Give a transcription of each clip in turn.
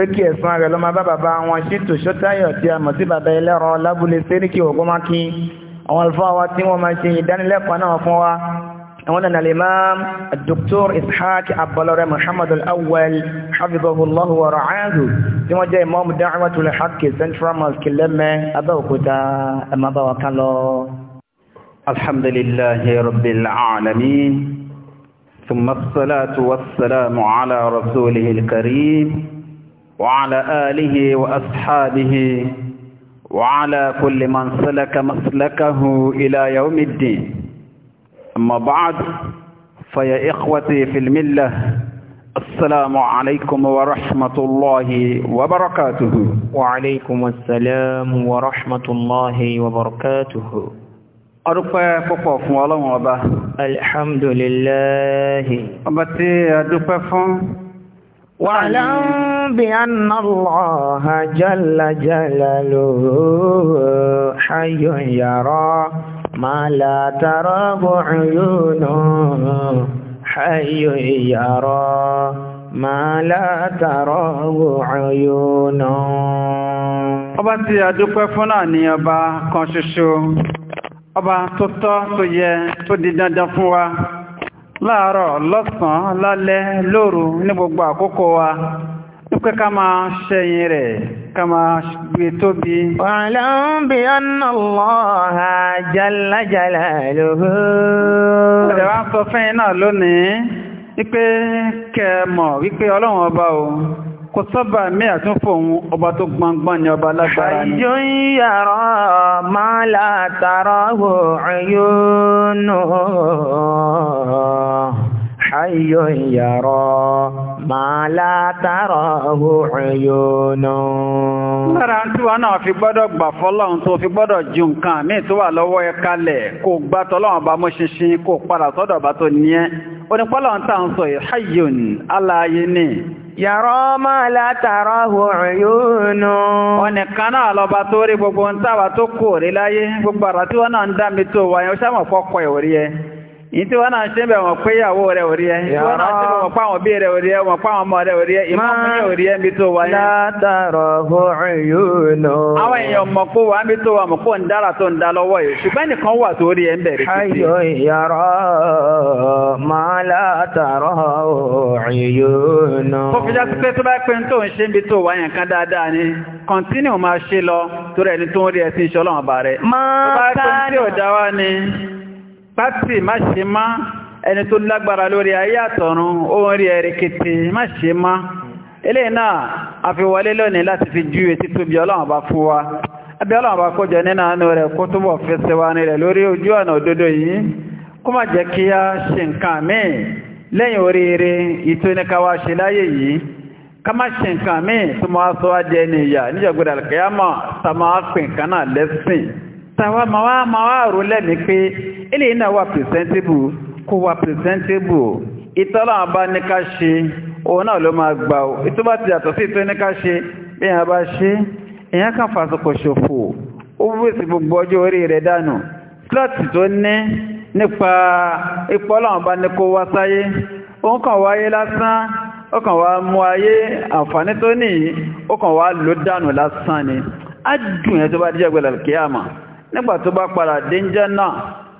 pé kí ẹ̀sùn rẹ̀ ló máa bá bàbá wọn ṣètò ṣótáyọ̀ tí a mọ̀ sí bàbá ẹlẹ́rọ lábúlé séríkì ògbómákí àwọn alfáà wa tí wọ́n máa ṣe ìdánilẹ́kọ̀ọ́ náà fún wa àwọn náà al-imam dr ishaq abbalore muhammad al-awwal hafizahullahu wa ra'ahu tí wọ́n jẹ́ imam da'watul haqq وعلى آله وأصحابه وعلى كل من سلك مسلكه إلى يوم الدين أما بعد فيا إخوتي في الملة السلام عليكم ورحمة الله وبركاته وعليكم السلام ورحمة الله وبركاته adúpẹ́ púpọ̀ fún ọlọ́run ọba alhamdulillahi ọba tí adúpẹ́ fún واعلم بأن الله جل جلاله حي يرى ما لا تراه عيونه حي يرى ما لا تراه عيونه ọba tí a dúpẹ́ fún náà ni ọba kan ṣoṣo ọba tó tọ́ tó yẹ tó di dandan fún wa láàárọ̀ lọ́sàn-án lálẹ́ lóru ní gbogbo àkókò wa nípé ká máa ṣẹ̀yìn rẹ̀ ká máa gbé tóbi. wa'lam bi Allaha jalla jalaluhu. ọ̀rẹ́ wa ń sọ fẹ́yìn náà lónìí wípé kẹ́ kò sọ́bà mẹ́à tún fòun ọba tó gbọ́ngbọ́n ni ọba lágbára ni. àjò ń yàrá máa látàrá wò ayónú àjò ń yàrá máa látàrá wò ayónú. lára tí wọn náà fi gbọ́dọ̀ gbà fọ́lọ́run tó fi gbọ́dọ̀ ju nǹkan mi tó wà lọ́wọ́ ẹ kalẹ̀ kó gbà tọ́lọ́run bá mọ́ yàrá máa látàrá òòrùn yóò nù. ọ̀nì kan náà lọ́ba tó rí gbogbo ń tàwa tó kò láyé gbogbo àrà tí wọ́n náà ń dá mi tó wáyé ó ṣàmọ̀pọ̀ kọ ìwòrí ẹ ìtí wọ́n náà ṣe ń bẹ̀ wọ́n pé ìyàwó rẹ̀ orí ẹ wọ́n náà ṣe wọ́n pàwọn bí rẹ̀ orí ẹ wọ́n pàwọn ọmọ rẹ̀ orí ẹ ìmọ̀kúnyẹ̀ orí ẹ bí tó wáyé. látàrọ̀ fún ìyónà. àwọn èèyàn mọ̀ kó wà bí tó wà mọ̀ kó ń dára tó ń da lọ́wọ́ yìí ṣùgbọ́n nìkan wà tó rí ẹ ń bẹ̀rẹ̀ títí. ayọ̀ máa látàrọ̀ ìyónà. tó ni kọ́ntínú máa ṣe lọ torí ẹni pátì má ṣe má ẹni tó lágbára lórí ayé àtọ̀run ohun rí ẹ̀rẹ̀ kìtì má ṣe má ilé náà a fi wọlé lónìí láti fi ju etí tóbi ọlọ́run bá fún wa abẹ́ ọlọ́run bá kójọ nínú àánú rẹ̀ kó túbọ̀ fẹsẹ̀ wa rẹ̀ lórí ojú ọ̀nà òdodo yìí kó má jẹ́ kí a ṣe nǹkan míì lẹ́yìn oríire ìtóníkáwá ṣe láyé yìí ká má ṣe nǹkan míì tó máa sọ wá jẹ́ ní ìyà níjọ̀gbọ́dà kìí á mọ̀ tá máa pè lẹ́sìn tàwa máa wá rò lẹ́mìí pé eléyìí náà wà presentable kó wà presentable ìtọ́lá àbá ní ká ṣe òun náà ló máa gbà ó ìtọ́ bá ti yàtọ̀ sí ìtọ́ ní ká ṣe bí èèyàn bá ṣe èèyàn kan fàṣọkọ̀ ṣòfò ó wéṣì gbogbo ọjọ́ orí rẹ̀ dànù slọ́ọ̀tì tó ní nípa ìpọ́lọ̀ àbá ní kó wá sáyé ó kàn wáyé lásán ó kàn wá mú ayé àǹfààní tó ní ó kàn wá ló dànù lásán ni á dùn ẹ̀ tó bá díjẹ́ gbẹ̀lẹ̀ kíyàmà nígbà tó bá padà dénjẹ́ náà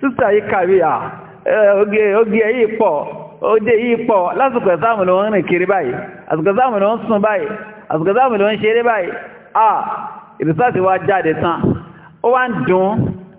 sísà yìí kàwé à oge yìí pọ̀ òde yìí pọ̀ lásìkò ẹ̀sáàmù ló ń rìn kiri báyìí àsìkò ẹ̀sáàmù ló ń sùn báyìí àsìkò ẹ̀sáàmù ló ń ṣeré báyìí à ìrìsáàtì wa jáde tán ó wá ń dùn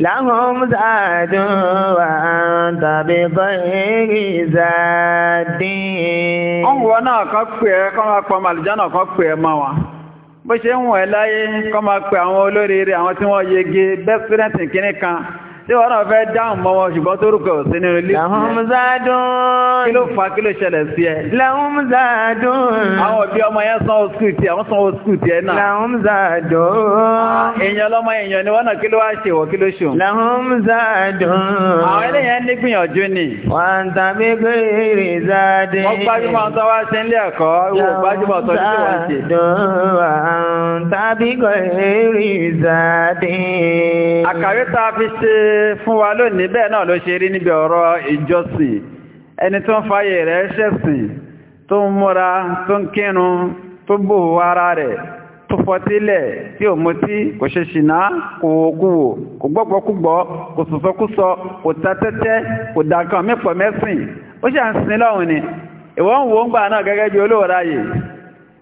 لهم زاد وأنت بغير زاد ọ̀wọ́ náà kan pè ẹ́ kọ́ máa pọ̀ màlìjánà kan pè ẹ́ máa wá bó ṣe ń wọ̀n ẹ́ láyé kọ́ tí wọ́n náà fẹ́ dáhùn mọ́ wọn ṣùgbọ́n tó rúkọ̀ sí nínú ilé. làwọn zádùn. kí ló fà kí ló ṣẹlẹ̀ sí ẹ. làwọn zádùn. àwọn òbí ọmọ yẹn sanwó skul tiẹ̀ wọ́n sanwó skul tiẹ̀ náà. làwọn èèyàn lọ́mọ èèyàn ni wọ́n náà kí ló wá ṣe wọ́n kí ló ṣe òun. làwọn zádùn. àwọn eléyẹn ní bígọ̀ èrì tá a fi ṣe fún wa lónìí bẹ́ẹ̀ náà ló ṣe rí níbi ọ̀rọ̀ ìjọsìn. Ẹni tó ń fàyè rẹ̀ ṣẹ̀sìn, tó ń múra, tó ń kírun, tó bòhù ara rẹ̀, tó fọtílẹ̀ tí ò tí kò ṣe ṣìnà, kò kò gbọ́gbọ́kúgbọ́,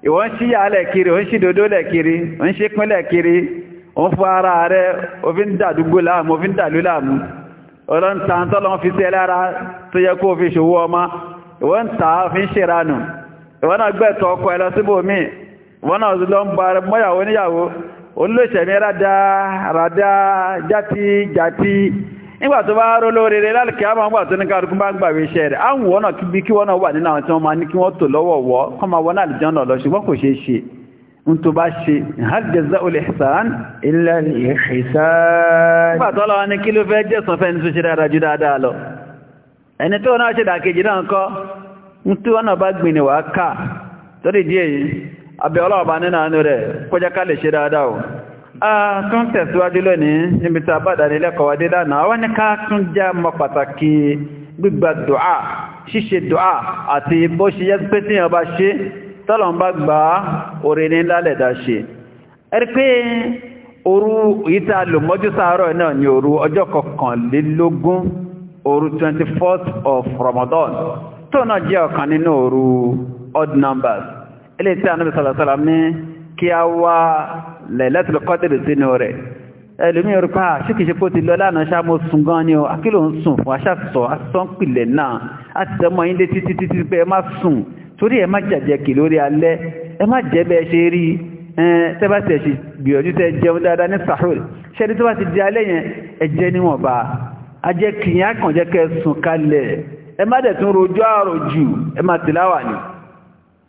ìwọ ń ṣíyà lẹ́kiri o ń ṣídòdó lẹ́kiri o ń ṣípín lẹ́kiri o ń fún ara rẹ o fi ń dàdúgbò láàmú o fi ń dàlú láàmú ọlọ́ntàntọ́lọ́ fi sí ẹlára tó yẹ kó fi ṣòwò ọmọ ìwọ ń ta fi ń ṣèrànù ìwọ gbẹ̀tọ̀ ọkọ̀ nígbà tó bá rọ lóríire lálùkẹ́ àwọn àgbà tó ní kárùkú bá gbàwé iṣẹ́ rẹ̀ àwọn wọ́nà bí kí wọ́nà wà nínú àwọn tí wọ́n máa ní kí wọ́n tò lọ́wọ́ wọ́ kọ́ máa wọ́n náà lìjọ́nà kò ṣeé ṣe ń tó bá ṣe hal jaza'ul ihsan illa tún tẹ̀síwájú lónìí níbi tí a bá dàní lẹ́kọ̀ọ́ dé lánàá wọ́n ní ká tún já mọ́ pàtàkì gbígba dùá ṣíṣe dùá àti bó ṣe yẹ́ pé tí yàn bá ṣe tọ́lọ̀ ń bá gbà orí ní lálẹ̀dá ṣe ẹ̀rí pé of Ramadan tó náà jẹ́ ọ̀kan odd numbers ilé tí a náà kí a wá lẹ́lẹ́tìlẹ̀ kọ́tẹ̀lẹ̀ sínú rẹ̀ ẹlùmí orúkọ àṣíkìṣe ah, kó ti lọ lánàá ṣáàmó sun gan ni o akílò ń sùn fún aṣàṣọ asánpìlẹ̀ náà a ti tẹ́mọ yín létí títí títí pé ẹ má sùn torí ẹ má jàjẹ́ kì lórí alẹ́ ẹ má jẹ́ bẹ́ẹ̀ ṣe rí tẹ́bàtì gbìyànjú tẹ́ jẹun dáadáa ní sahul ṣẹ́ni tó bá ti di alẹ́ yẹn ẹ jẹ́ níwọ̀nba ajẹ́ kìyàn kàn jẹ́ kẹ́ sùn kalẹ̀ ẹ má dẹ̀ tún rojọ́ àròjù ẹ má tìláwà ni.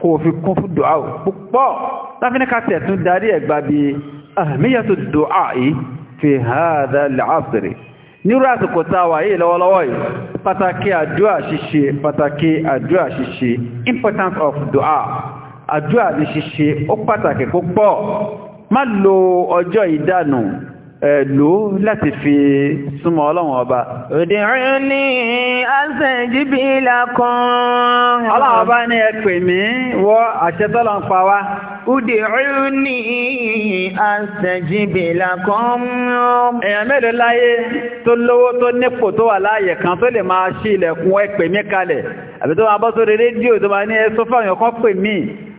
kò fi kún fún dùá púpọ̀ láfíníkà tẹ̀tún darí ẹ̀gbà bí ahmiyatu dùá yìí fi hadha al-asri nírú àsìkò tá yìí lọ́wọ́lọ́wọ́ yìí pàtàkì àdúà importance of dùá àdúà ní ṣíṣe ó pàtàkì púpọ̀ lò láti fi súnmọ́ ọlọ́run ọba. Òdìrín ní àṣẹ̀jíbí lákan. Ọlọ́run ọba ní ẹ̀pẹ̀ mi wọ àṣẹ́tọ́lọ ń pa wá. Òdìrín ní àṣẹ̀jíbí lákan. Èèyàn mélòó láyé tó lówó tó nípò tó wà láàyè kan tó lè máa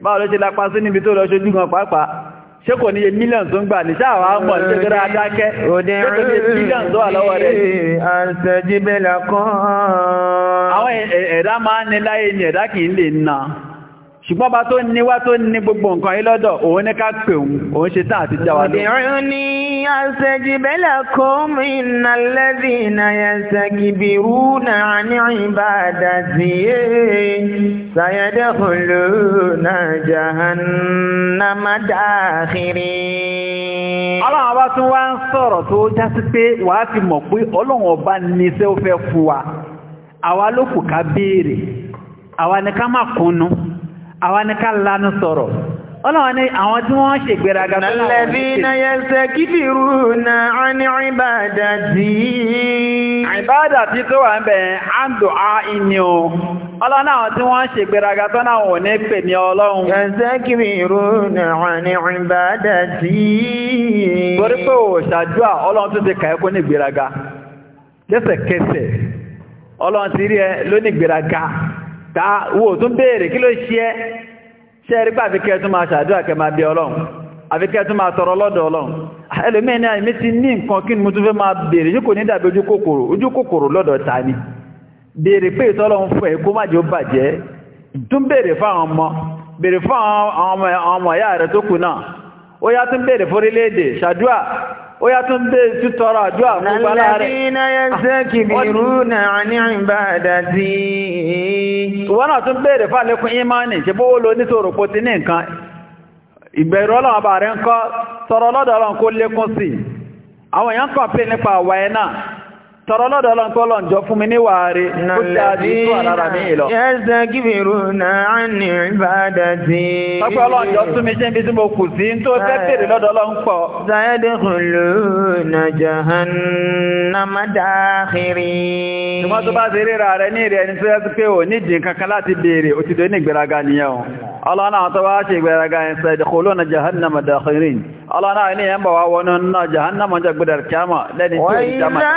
báwo ló ṣe lápá sí níbi tó lọ ṣojú gan pàápàá ṣé kò níye mílíọ̀n tó ń gbà ní sáà wá mọ̀ ní ṣẹ́gbẹ́rẹ́ adákẹ́ ṣé kò níye mílíọ̀n tó wà lọ́wọ́ rẹ̀. àṣẹjíbẹ́lá kan. àwọn ẹ̀dá máa ń ní láyé ni ẹ̀dá kì í lè na ṣùgbọ́n bá tó níwá tó ní gbogbo nǹkan yìí lọ́dọ̀ òun ní ká pè òun òun ṣe tán àti jáwá lọ. ìrìn ni àṣẹjìbẹ́lẹ̀ kó mi nà lẹ́bí nà yẹsẹ̀gìbìrú náà ní ìbàdà sí i ṣàyẹ̀dẹ̀ òlò náà jahannama dáàkiri. ọlọ́run bá tún wá ń sọ̀rọ̀ tó já sí pé wàá ti mọ̀ pé ọlọ́run ọba ní iṣẹ́ ó fẹ́ fún wa àwa ló kù ká béèrè àwa ni ká má kúnnú àwọn ni ká lanu sọ̀rọ̀ ọlọ́wọ́ ní àwọn tí wọ́n ṣe gbéraga tó láwọn ibadati. ìbádà tí tó wà ń bẹ̀ àǹdò á ìní o ọlọ́nà àwọn tí wọ́n ṣe gbéraga ní pè ní ọlọ́run. yastakbiruna an ibadati. torí pé ò ṣàdúrà ọlọ́run tó ti kà ẹ́ kó ní gbéraga lẹ́sẹ̀kẹsẹ̀ ọlọ́run ti rí ẹ lónìí gbéraga ká wo tún béèrè kí ló ṣe ẹ́ ṣe rí pé àfikẹ́ tún máa ṣàdúrà kẹ máa bí ọlọ́run àfikẹ́ tún máa tọrọ lọ́dọ̀ ọlọ́run ah, ẹlòmíín náà èmi ti ní nǹkan kí ni mo tún fẹ́ máa béèrè yóò kò ní dàbí ojú kòkòrò ojú kòkòrò lọ́dọ̀ ta ni béèrè pé ìtọ́lọ́run fún ẹ kó má jẹ́ ó bàjẹ́ tún béèrè fáwọn ọmọ béèrè fáwọn ọmọ ìyá rẹ tó kù náà ó yá tún béèrè fórílẹ̀-èdè ṣàdúrà ó tún dé títọrọ gbogbo aláàrẹ̀. Nàlẹ́bínà yẹ sẹ́kì na náà tún ṣe bówó lo nítorò ní nǹkan. Ìbẹ̀rù ọlọ́run bàrẹ́ ń lékún tọrọ lọ́dọ̀ lọ́n kọ́ lọ́n jọ fún mi ní wàárí ó dáadé tó àlára mi ìlọ. yẹ́sẹ̀ kìbìrù náà ní ìbádà tí. ọ̀pọ̀ lọ́n na jahannama dáhìrì. ìwọ́n tó bá ti ríra rẹ̀ ní ìrẹ̀ ẹni tó yẹ pé ò ní ìdí ọlọ́nà tó bá ṣe ìgbẹ̀rẹ̀gá ẹ̀sẹ̀ ìdíkòlónà jahannama dakhirin ọlọ́nà ilé yẹn bọ̀ wá wọnú náà jahannama jẹ́ gbẹ̀dẹ̀ kíámà lẹ́ni tí ó jama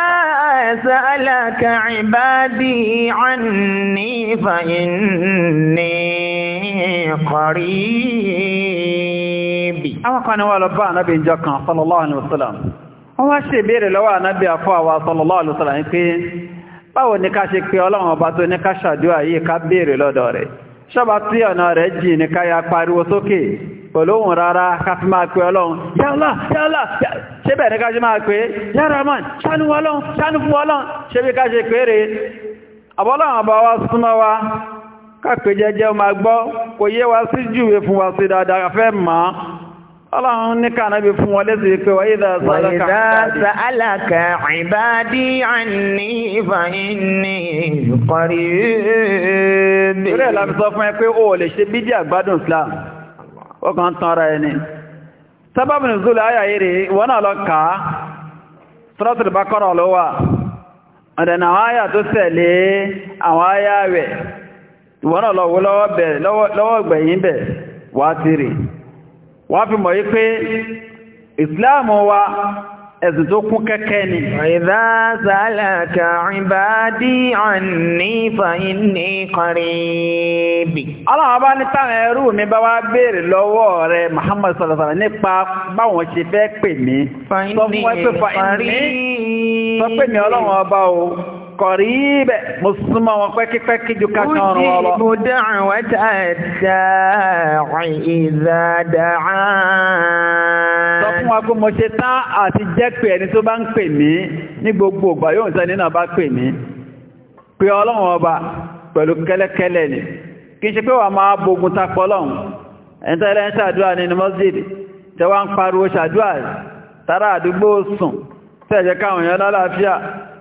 sa'alaka ibadi anni fa inni qarib àwọn kan wà lọ bá ànábì sallallahu alaihi wasallam wọ́n wá ṣe ìbéèrè lọ́wọ́ ànábì àfọ́ sallallahu alaihi wasallam pé báwo ni ká ṣe pé ọlọ́run ọba tó ní ká ṣàdúrà yìí ká béèrè lọ́dọ̀ rẹ̀ ṣọ́bà tí ọ̀nà rẹ̀ jì ní káyà pariwo sókè pẹ̀lú òun rárá káfí máa pẹ ọlọ́run yálà yálà ṣe bẹ̀rẹ̀ káṣe máa pẹ yára mọ́ ṣánú ọlọ́run ṣánú fún ọlọ́run ṣe bí káṣe pẹ́rẹ àbọ́lọ́run àbá wa súnmọ́ wa kápẹ́ jẹ́jẹ́ máa gbọ́ kò Ọlọ́run ní ká náà bí fún wọn lẹ́sẹ̀ pé wà ìdá sàálàkà ìbádí àní ìfàyínní ìkọrí ẹ̀ẹ́bẹ̀. Ìrẹ́ láti sọ fún ẹ pé o lè ṣe bídí àgbádùn Islam, ọkàn tán ara ẹni. wọ́n fi mọ̀ yí pé ìsìláàmù wa ẹ̀sìn tó kún kẹ́kẹ́ ni. Ìdá sàálàkà ìbádí àní fàíní kọrìbì. Ọlọ́run bá ní táwọn ẹrú mi bá wá béèrè lọ́wọ́ rẹ̀ Muhammad Sọ̀rọ̀sọ̀rọ̀ nípa báwọn ṣe fẹ́ pè mí. Sọ fún wọn pé fàíní. Sọ pé mi ọlọ́run ọba o. قريب مصمم وكيكك جكاشان والله دعوة الداع إذا دعان sọ fún mo ṣe tán àti jẹ́ pé ẹni tó bá ń pè mí ní gbogbo ìgbà yóò ń sẹ́ni náà bá pè mí pé ọlọ́run ọba pẹ̀lú kẹ́lẹ́kẹ́lẹ́ ni kí n ṣe pé wà máa bogun tapọ̀ lọ́hùn ẹ̀ntẹ́lẹ́ ń ṣàdúrà nínú mọ́sídì tẹ́wà ń pariwo ṣàdúrà tàrà àdúgbò sùn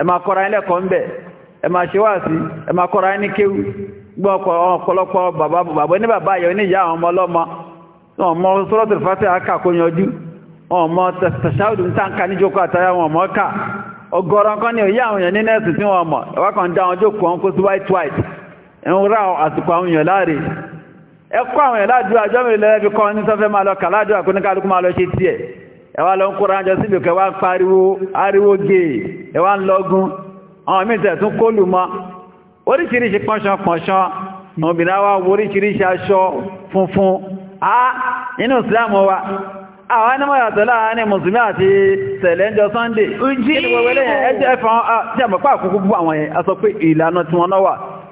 ẹ máa kọ́ra yín lẹ́kọ̀ọ́ ńbẹ̀ ẹ máa ṣe wáàsí ẹ máa kọ́ra yín ní kéwú gbọ́ ọ̀pọ̀lọpọ̀ bàbá bàbá ní bàbá ayọ̀ ní ìyá àwọn ọmọ ọlọ́mọ wọn mọ suratul Fatiha àkàkó yanjú wọn mọ tẹ̀síṣáàdù ń tàǹkà níjókòó àtàyà wọn mọ́ ká ọgọ́rọ̀ kan ní òyà àwọn èèyàn ní nẹ́ẹ̀sì tí wọ́n mọ̀ ẹwà kan dá wọn jókòó white white ń ra àsìkò àwọn èèyàn láre ẹkọ́ àwọn èèyàn ládùúgbò àjọ́mìlélẹ́bí kan ní sọ́fẹ́ máa lọ ẹwà lọ ń kóra jọ sílù kẹwà pariwo ariwo gèè ẹwà ń lọ́gún àwọn mìíràn tún kólù mọ́ oríṣiríṣi pọ́nṣánpọ́nṣán obìnrin wa oríṣiríṣi aṣọ funfun a nínú ìsìlámù wa àwọn ẹni mọ́ yàtọ̀ láàárín mùsùlùmí àti tẹ̀lẹ́njọ sunday ojú ìwọ̀wẹ́lẹ́yìn ẹjẹ́ fún ọjọ́ àmọ́pá àkókò bú àwọn ẹ̀ a sọ pé ìlànà tí wọ́n náà wà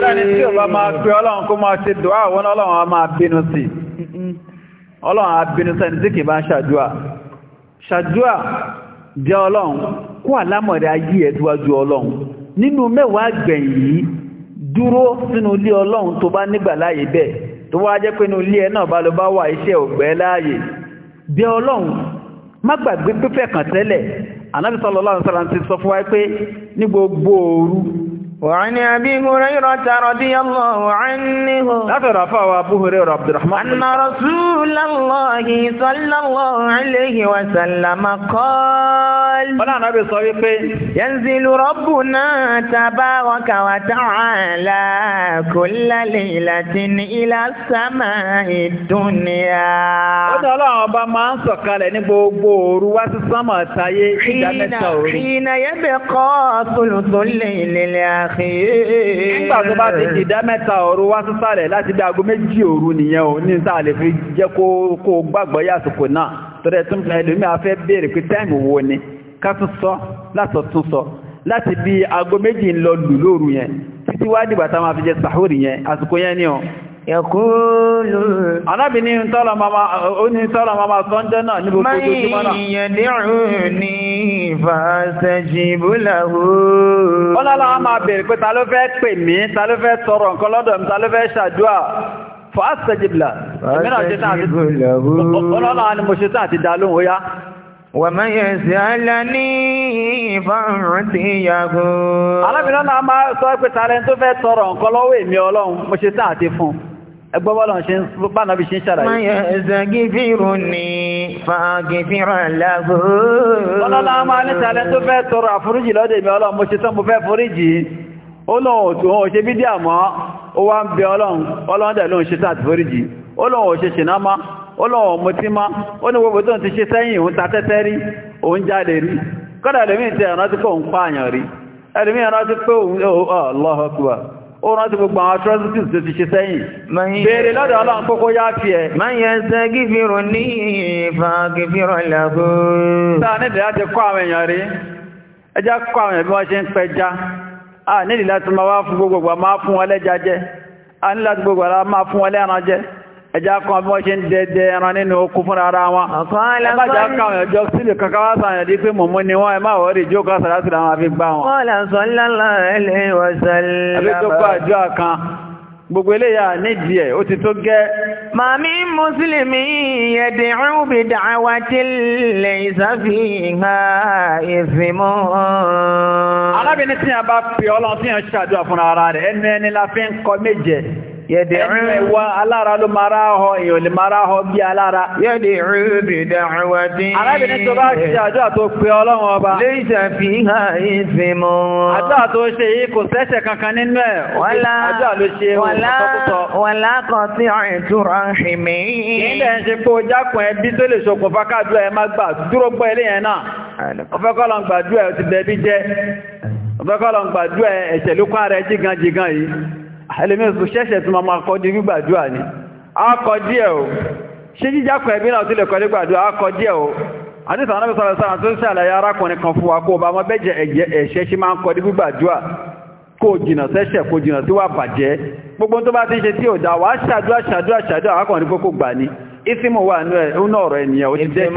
ọlọ́ni tí ó bá máa pẹ ọlọ́run kó máa ṣe dùá wọn ọlọ́run a máa bínú sí ọlọ́run a bínú sẹ́ni tí kì bá ń ṣàdúà ṣàdúà jẹ́ ọlọ́run kó àlámọ̀rẹ́ ayé ẹ̀ tíwájú ọlọ́run nínú mẹ́wàá gbẹ̀yìn yìí dúró sínú ilé ọlọ́run tó bá nígbà láàyè bẹ́ẹ̀ tó wá jẹ́ pé inú ilé ẹ náà bá lọ bá wà iṣẹ́ ògbẹ́ láàyè bí ọlọ́run má gbàgbé pípẹ́ kàn tẹ́lẹ̀ ànábì sallallahu alaihi wasallam ti sọ fún وعن أبي هريرة رضي الله عنه رفع أبو هريرة عبد الرحمن أن رسول الله صلى الله عليه وسلم قال ينزل ربنا تبارك وتعالى كل ليلة إلى السماء الدنيا ما حين يبقى ثلث الليل الآخر àkíyè. nígbà tó bá ti ìdá mẹ́ta òru wá sísàlẹ̀ láti bí aago méjì òru o ní sáà fi jẹ́ kó gbàgbọ́ yàtùkù náà torí tún fi ẹlòmí afẹ́ pé wo ni ká tún sọ afi Yẹ̀kúlù. Arábìnrin tọ́lọ mama, ó ní tọ́lọ mama sọ́njẹ́ náà ní gbogbo tó jí mọ́nà. Máyí yẹ̀dẹ̀rù ní fàṣẹjì búláwó. Ó lọ́lọ́ a máa bèèrè pé ta ló fẹ́ pè mí, ta ló fẹ́ sọ̀rọ̀ nǹkan lọ́dọ̀ mi, ta ló fẹ́ ṣàdúà fàṣẹjì búláwó. Fàṣẹjì búláwó. Ó lọ́lọ́ a ni mo ṣe tán àti dá lóhùn ó yá. ومن يسألني فأعطيه. Alábìnrin náà máa sọ pé tó fẹ́ tọrọ nǹkan lọ́wọ́ èmi Ọlọ́run, mo ṣe tán àti fún ẹgbọ́bọ́lọ̀ ṣe ń bánàbí ṣe ń ṣàràyé. ma ní lágbó. ọlọ́lá tó fẹ́ tọrọ àforíjì lọ́dẹ̀ mi ọlọ́run mo ṣe tán mo fẹ́ foríjì ó tó ṣe bídí àmọ́ ó wá ń ọlọ́run ó rántí gbogbo àwọn atrocities tó ti ṣe sẹ́yìn bèèrè lọ́dọ̀ ọlọ́run kókó yá fi ẹ̀ máa yẹ ṣe gífìrò ní ìfàgífìrò lẹ́gbò sáà nídìí láti kọ́ àwọn èèyàn rí ẹjá ẹjá kan bọ́ ṣe ń dẹdẹ ẹran nínú okú fún ara wọn ẹgbàjá káwọn ẹjọ́ sílẹ̀ kankan sàyàn dí pé mọ̀mú ni wọ́n ẹmá wọ́rí ìjó kan sàrásì láwọn àfi gbá gbogbo eléyà nídìí ẹ̀ ó ti tó gẹ́ màmí mùsùlùmí yẹ̀dẹ̀ rúbì dàwà tí lè ìsàfihàn ìfìmọ́ arábìnrin tí a bá pè ọlọ́run tí a ń ṣàdúrà fún ara rẹ̀ ẹnu ẹni la fi ń kọ méje Yẹ̀dẹ̀rún ẹwà alára ló mara ọ èèyàn lè mara ọ bí alára. Yẹ̀dẹ̀rún bìdà àwà dín. Arábìnrin tó bá ṣe àdúrà tó pe Ọlọ́run ọba. Lè ṣàfihàn ìsinmọ̀. Àdúrà tó ṣe yìí kò sẹ́ṣẹ̀ kankan nínú ẹ̀. Wọ́lá àdúrà ló ṣe wọ́lá kan sí ìtura ìmí. Ilẹ̀ ń ṣe pé o jákun ẹbí tó lè ṣokùnfà káàdúrà ẹ má ẹlẹ́mẹ́sù ṣẹ́ṣẹ̀ tí ma ma kọ́ di gbígbàdúwà ní akọ díẹ̀ o ṣe jíjákọ̀ ẹ̀bí náà tí lè kọ́ gbàdúwà akọ o àdísà náà wa kó bá mọ́ bẹ́jẹ̀ ẹ̀ṣẹ̀ ṣe máa ń kọ́ di gbígbàdúwà kó jìnà sẹ́ṣẹ̀ kó jìnà tí wà bàjẹ́ gbogbo tó bá ti ṣe tí ò dá wà ṣàdúrà ṣàdúrà ṣàdúrà akọ̀rin pé kó gbà ní ìsìnmọ̀ wà ní ọ̀nà ọ̀rọ̀ ènìyàn ó ti jẹ́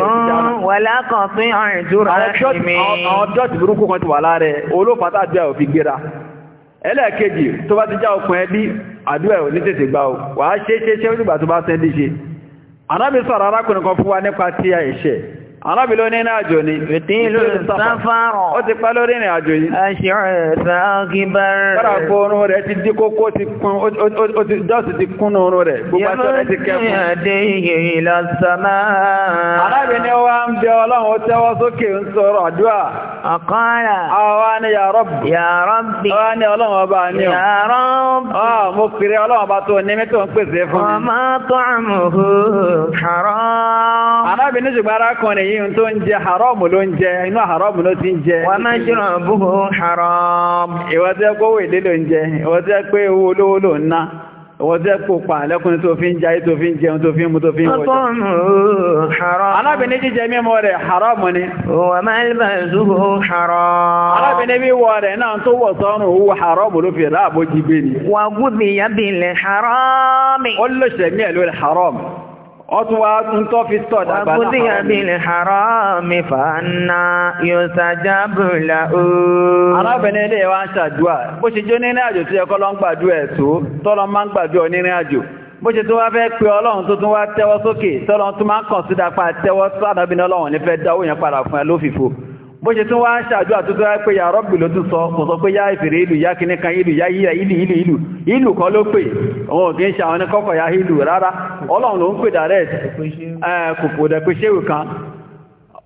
ìṣẹ́jú wà ẹlẹ́ẹ̀kejì tó bá ti já okùn ẹbí àdúẹ̀ ní tètè gbá o wà á ṣe ṣe ṣe ó dìgbà tó bá sẹ́ndí anábìsọ̀rọ̀ arákùnrin kan fún wa nípa tí a arábìlò ní àjò ní ìtìlú sáfàrọ̀ ó ti pẹ́ lórí ìrìn àjò yìí aṣíọ̀ẹ̀sà ọgíbẹ̀rẹ̀ rẹ̀ kó oorun rẹ̀ ti dí kókó ti kún ó ti dọ́sì ti kún oorun rẹ̀ gbogbo àtọ́ rẹ̀ ti kẹ́kún arábìnrin wa ń bẹ ọlọ́run ó tẹ́wọ́ sókè ń sọ̀rọ̀ àdúrà ọ̀kọ́rà àwa ni ya Rabbi ya Rabbi àwa ni ọlọ́run ọba ni ya Rabbi mo kiri ọlọ́run ọba tó ní mẹ́tọ̀ ń pèsè fún mi ọmọ tó àmùhù haram arábìnrin ṣùgbọ́n arákùnrin yìí tó ń jẹ haramu ló ń jẹ inú haramu ló ti ń jẹ. wà á máa ṣírò àbúrò haram. ìwọ tí ẹ kó owó èlé ló ń jẹ ìwọ tí ẹ pé owó olówó ló ń ná ìwọ tí ẹ kó pa lẹ́kùnrin tó fi ń jayé tó fi ń jẹun tó fi ń mu tó fi ń wọjọ. alábìnrin jíjẹ mímọ rẹ̀ haramu ni. wà máa ń bá ìṣòro haram. alábìnrin bí wọ rẹ̀ náà tó wọ̀ sọ́run owó haramu ló fi rà àbójì gbé ni. wà haram. ó lọ ọtún wa tún tọ́ fi sọ dàgbà náà. wàbúdí abilé harami fana yóò sàjà bùlà ooo. arábìnrin ilé wa ń ṣàdúrà bó ṣe jó nínú àjò tó yẹ kọ́ ló ń gbàdúrà ẹ̀ tó tọ́lọ́ máa ń gbàdúrà nínú àjò bó ṣe tó wá fẹ́ pé ọlọ́run tó tún wá tẹ́wọ́ sókè tọ́lọ́run tó máa ń kàn sí dápá tẹ́wọ́ sádàbí ọlọ́run ní dáwó yẹn padà fún ẹ lófìfo bó ṣe tún wá ń ṣàdúrà tó pé ya rọ́bì ló tún sọ kò sọ pé yá ìfèrè ìlú yá kìíní kan ìlú yá yíra ìlú ìlú ìlú ìlú kọ́ ló pè òun kìí ṣe àwọn ẹni kọ́kọ̀ ya ìlú rárá ọlọ́run ló ń pè dàrẹ́ kòkòdẹ̀ pé kan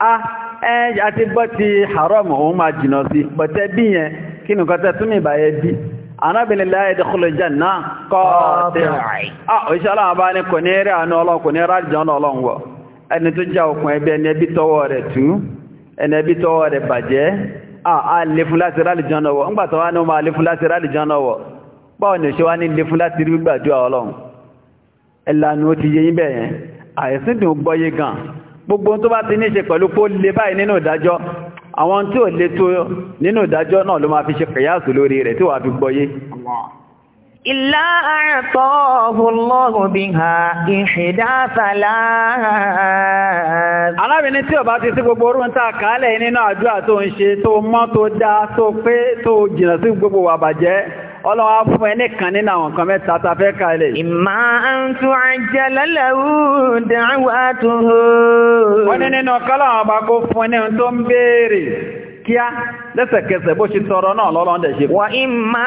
ah ẹn àti bọ́ ti haram òun máa jìnà sí pọ̀tẹ́ bí yẹn kí nìkan tẹ́ túnmì ìbáyẹ bí anábìnrin láyé dẹ́kọlọ jẹ́nà kọ́ọ̀tẹ̀rẹ̀ ah òṣìṣẹ́ aláwọ̀ bá ní kò ní rí àánú ọlọ́run kò ní rí já okùn ẹbí ẹni ẹbí tọwọ́ rẹ̀ tú ẹni ẹbí tọwọ́ rẹ̀ bàjẹ́ ah, a lè fún láti rálì jọ náà wọ̀ ń gbàtọ̀ wá ní ọmọ alè fún láti rálì jọ náà wọ̀ báwọn ni òṣèwá ní lè fún gan gbogbo tó bá ti ní ṣe pẹ̀lú kó lè báyìí nínú ìdájọ́ àwọn tí ò lè tó nínú ìdájọ́ náà ló máa fi ṣe kìyàsù lórí rẹ̀ tí wà fi gbọ́yé Alábìnrin tí ó bá ti sí gbogbo orú ń tàà kálẹ̀ nínú àdúrà tó ń ṣe tó mọ́ tó dá tó pé tó jìnà sí gbogbo wà ọlọ́wọ́ fún ẹni kan nínú àwọn nǹkan mẹ́ta ta fẹ́ ká ilé. ìmá ń tún àjẹlẹ́lẹ́wù dáwà tó hó. wọ́n ní nínú kọ́lọ́wọ́ bá kó fún ẹni tó ń béèrè kíá lẹ́sẹ̀kẹsẹ̀ bó ṣe tọrọ náà lọ́lọ́n dẹ̀ ṣe. wà ìmá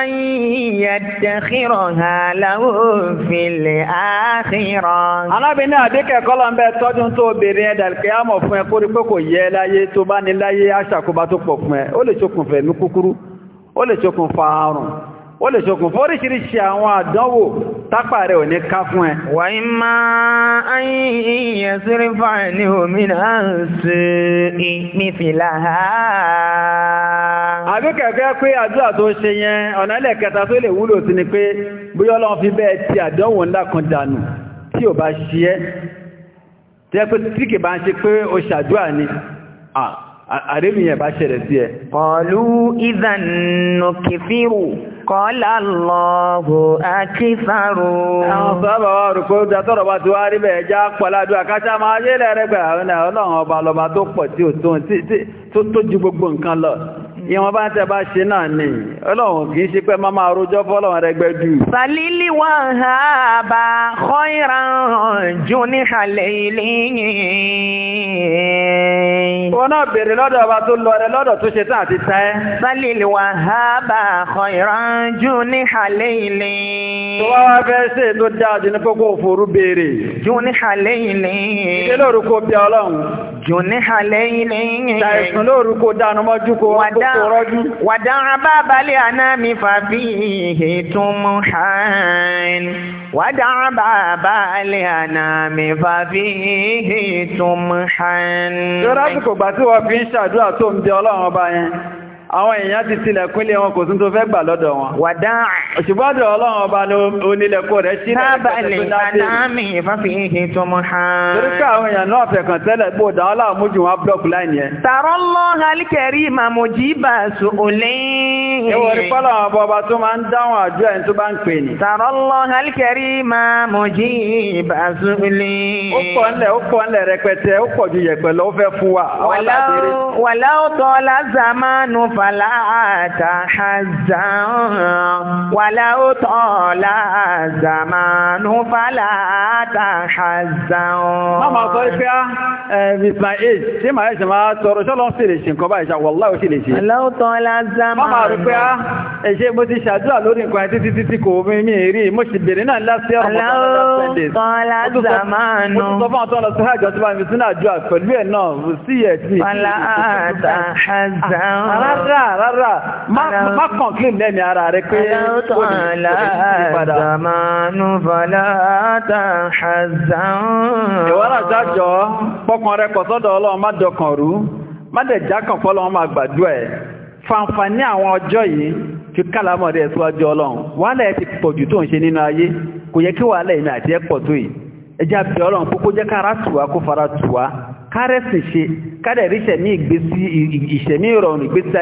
ayẹ̀dẹ̀kìrọ̀ aláwò fìlẹ̀ àkìrọ̀. alábìnrin àdékẹ́ kọ́lọ̀ ń bẹ tọ́jú tó obìnrin ẹ̀dà kí á mọ̀ fún ẹ kó pé kò yẹ láyé tó bá ní láyé àṣàkóbá tó pọ̀ fún ẹ ó lè ṣokùnfẹ̀ ní kúkúrú ó lè ṣokùnfà àrùn ó lè ṣokùnfà oríṣiríṣi àwọn àdánwò tápà rẹ̀ ò ní ká fún ẹ. wà á máa ayíyẹ sírí fàánì òmìnira ń ṣe ìmìfìlà ha. àbí kẹ̀kẹ́ pé àdúrà tó ń ṣe yẹn ọ̀nà ilẹ̀ tó lè wúlò sí ni pé bóyá fi bẹ́ẹ̀ ti àdánwò ńlá kan dànù tí ò bá ṣiẹ́ tí kì bá ń ṣe pé o ṣàdúrà ni àrẹ́mìyàn bá ṣẹlẹ̀ sí ẹ. Qalu idhan nukthiru qala Allahu aktharu. Àwọn sábà wà rò pé bá ti wá rí bẹ́ẹ̀ já pọ̀ládù àkáṣá máa yé lẹ́rẹ́gbẹ̀ẹ́ àwọn ọlọ́run ọba lọ ìwọ̀n bá ń tẹ́ bá ṣe náà ni ọlọ́run kìí ṣe pé máa máa rojọ́ fọ́lọ́run rẹgbẹ́ jù. sàlílì wà ha bá kọ́ ìran jù ní àlẹ́ ilé yìí. ó náà bèrè lọ́dọ̀ ọba tó lọ rẹ lọ́dọ̀ tó ṣe tán àti tẹ́. sàlílì wà ha bá kọ́ ìran ní àlẹ́ ilé. tó wá fẹ́ ṣe tó dáa jù ní kókó òfòrú béèrè. jù ní àlẹ́ ilé. ilé lórúkọ bí ọlọ́run. jù ní àlẹ́ ilé. ṣàìsùn lórúkọ dánumọ́jú kó wá kókó kò rọ́jú. wàdà abá balẹ̀ àná mi fàbí ìhètún mú hàn. wàdà abá balẹ̀ àná mi fàbí ìhètún mú tó ń bẹ ọlọ́run àwọn èèyàn ti tilẹ̀kúnlẹ̀ wọn kò tún tó fẹ́ gbà lọ́dọ̀ wọn. wàdá òṣùgbọ́dọ̀ ọlọ́run ọba ló onílẹ̀kọ́ rẹ̀ sí ẹ̀ẹ́dẹ̀ẹ́sẹ̀ tó dáadé. sábà lè fàdámì fàfihì tó mọ̀ ha. torí pé àwọn èèyàn náà fẹ̀kàn tẹ́lẹ̀ bó dáwọn láàmú Ìwọ̀ rí pọ́lọ̀ ọ̀bọ̀ ọba tó máa ń dáhùn àjọ ẹni tó bá ń pè ní. Tàrọ́lọ́ Alkẹ́rí máa mú jí ìbásúlé. Ó pọ̀ ńlẹ̀ ó pọ̀ ńlẹ̀ rẹpẹtẹ ó pọ̀ ju yẹ̀pẹ̀ lọ ó fẹ́ fún wa. Wàlá ó tọ́ lásà máa nu fàlà àtàhàzà. Wàlá ó tọ́ lásà fàlà àtàhàzà. Mọ́mọ́ sọ pé with ah, eh, my age ṣé màá ṣe máa sọ̀rọ̀ ṣọ́lọ́ sì lè ṣe nǹkan báyìí ṣá wàlá ó lè ṣe. Wàlá ó tọ́ lásà máa nu fàlà àtàhàzà àbíá ẹ̀ṣẹ́ mo ti ṣàdúrà lórí nǹkan àti títí tí kò mí mi rí mo sì bèrè náà láti ẹ̀rọ mọ́tò mo ti sọ fún ọ̀tọ́ lọ sí àjọ tó bá mi sínú àjọ pẹ̀lú ẹ̀ náà sí ẹ̀ sí ah, rárá rárá má kàn kí lẹ́mí ara rẹ pé ó ní ìpadà. ìwọ́n náà jájọ́ pọ́kàn rẹ pọ̀ sọ́dọ̀ ọlọ́run má dọkàn rú má dẹ̀ já kàn fọ́lọ́run fanfani àwọn ọjọ́ yìí fi kálàmọ̀ rẹ̀ síwájú ọlọ́run wàhálà ẹ̀ ti pọ̀ jù tó ń ṣe nínú ayé kò yẹ kí wàhálà ẹ̀mí àti ẹ̀ pọ̀ tó yìí ẹjá bí ọlọ́run kókó jẹ́ kára tùwá kó fara tùwá kárẹ́sì ṣe kárẹ̀ ríṣẹ̀ ní ìgbésí ìṣẹ̀mí ìrọ̀rùn ìgbésí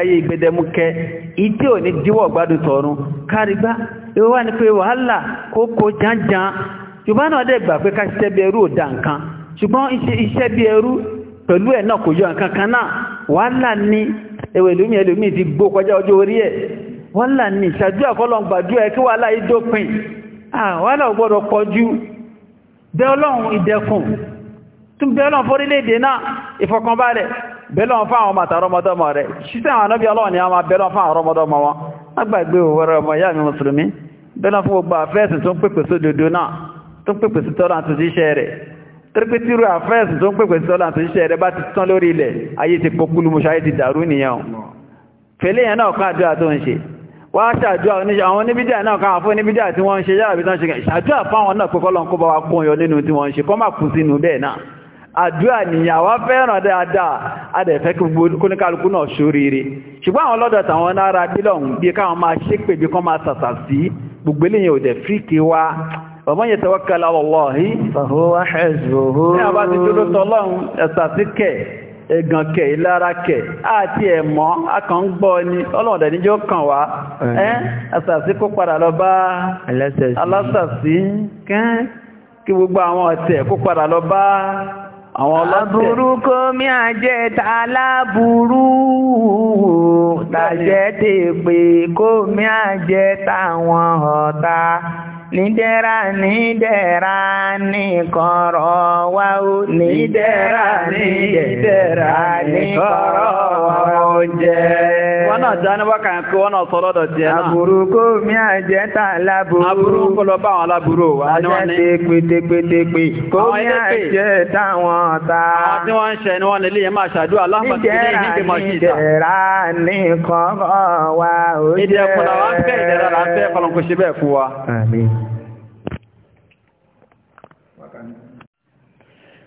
ni Ewe ìlú mi ẹlòmíì ti gbó kọjá ọjọ́ orí ẹ̀ wọ́n là ní ìṣàdúrà kọ́lọ̀ gbàdúrà ẹ kí wà láì dópin wọ́n náà gbọ́dọ̀ kọjú bẹ́ ọlọ́run ìdẹkùn tún bẹ́ ọlọ́run fórílẹ̀-èdè náà ìfọkànbalẹ̀ bẹ́lọ́n fáwọn àwọn ni a máa bẹ́lọ́n fáwọn ọmọdọ́mọ wọn lágbàgbé òwúrọ̀ ọmọ ìyá mi mùsùlùmí bẹ́lọ́n fún gbogbo àfẹ́ẹ̀sì tó ń pèpè tẹ́rẹ́pẹ́tìrú àfẹ́ẹ̀sì tó ń pèpè sí ọlá tó ń ṣe ẹ̀rẹ́ bá ti tán lórí ilẹ̀ ayé ti pọ́kúlù mọ́ṣá ayé ti dàrú nìyẹn o fẹ́lẹ́ yẹn náà kún àdúrà tó ń ṣe wá ṣàdúrà àwọn oníbídíà náà kan àfọ́ oníbídíà tí wọ́n ń ṣe yára bí tán ṣe ṣàdúrà fáwọn náà pé kọ́lọ́n kó bá wa kún yọ nínú tí wọ́n ń ṣe kọ́ má kú sínú bẹ́ẹ̀ náà àdúrà nìyẹn fẹ́ràn dáadáa adẹ̀fẹ́ kí náà ṣoríire ṣùgbọ́n àwọn lọ́dọ̀ tàwọn náírà bílọ̀hún bíi káwọn máa ṣépè bí kán máa sàṣà sí gbogbo eléyìí ò dẹ̀ wá ومن يتوكل على الله فهو حسبه يا بعد تقول الله استاتيك egan kẹ ìlara kẹ àti ẹ̀mọ́ akọ̀ǹgbọ́ ni ọlọ́ọ̀dẹ̀ níjọ́ kan wá ẹ́ àsàsí kó padà lọ bá alásàsí kí kó mi àjẹ́ tàwọn ọ̀tá nídẹ̀ra nídẹ̀ra ní kọ̀rọ̀ wa ó nídẹ̀ra nídẹ̀ra ní kọ̀rọ̀ wa ó jẹ́ wọ́n náà já níwá kàn kí wọ́n náà sọ lọ́dọ̀ tí ẹ náà. àbúrú kó mi àjẹ́ tà lábúrú. àbúrú ń kọlọ bá àwọn lábúrú wa ni wọ́n ní. àjẹ́ pétépétépé kó mi àjẹ́ táwọn ta. àwọn tí wọ́n ń ṣe ni wọ́n nílé yẹn máa ṣàdúrà láǹfààní ní ìdí mọ̀ sí ìjà. ìdẹ̀ra ní kọ́kọ́ wa ó jẹ́. ìdẹ̀kùn làwọn fẹ́ ìdẹ̀ra làwọn fẹ́ kọlọ́nkọ́ṣe bẹ́ẹ̀ fún wa. àmín.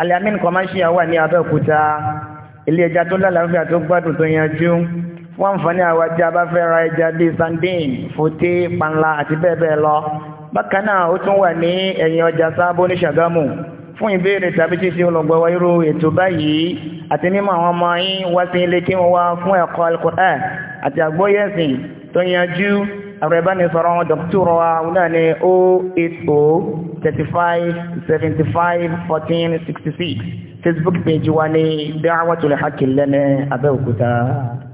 Al-Yamin commercial wà ní Abẹ́òkúta ilé ẹja tó lálàáfíà tó gbádùn tó yanjú fún àǹfààní àwọn ajá bá fẹ́ ra ẹja bíi sandin fòtí panla àti bẹ́ẹ̀ bẹ́ẹ̀ lọ bákan náà ó tún wà ní ẹ̀yìn ọjà sábó ní Ṣàgámù fún ìbéèrè tàbí ṣíṣe olùgbọ̀wọ́ irú ètò báyìí àti mímọ̀ àwọn ọmọ yín wá sí ilé kí wọ́n wá fún ẹ̀kọ́ al àti àgbóyẹ̀sìn tó yanjú ẹ̀rọ ìbánisọ̀rọ̀ àwọn dọ̀kítọ̀rọ̀ wa òun náà ni 080 35 75 14 66 Facebook page wa ni Da'watul Haqq lẹ́nu Abẹ́òkúta.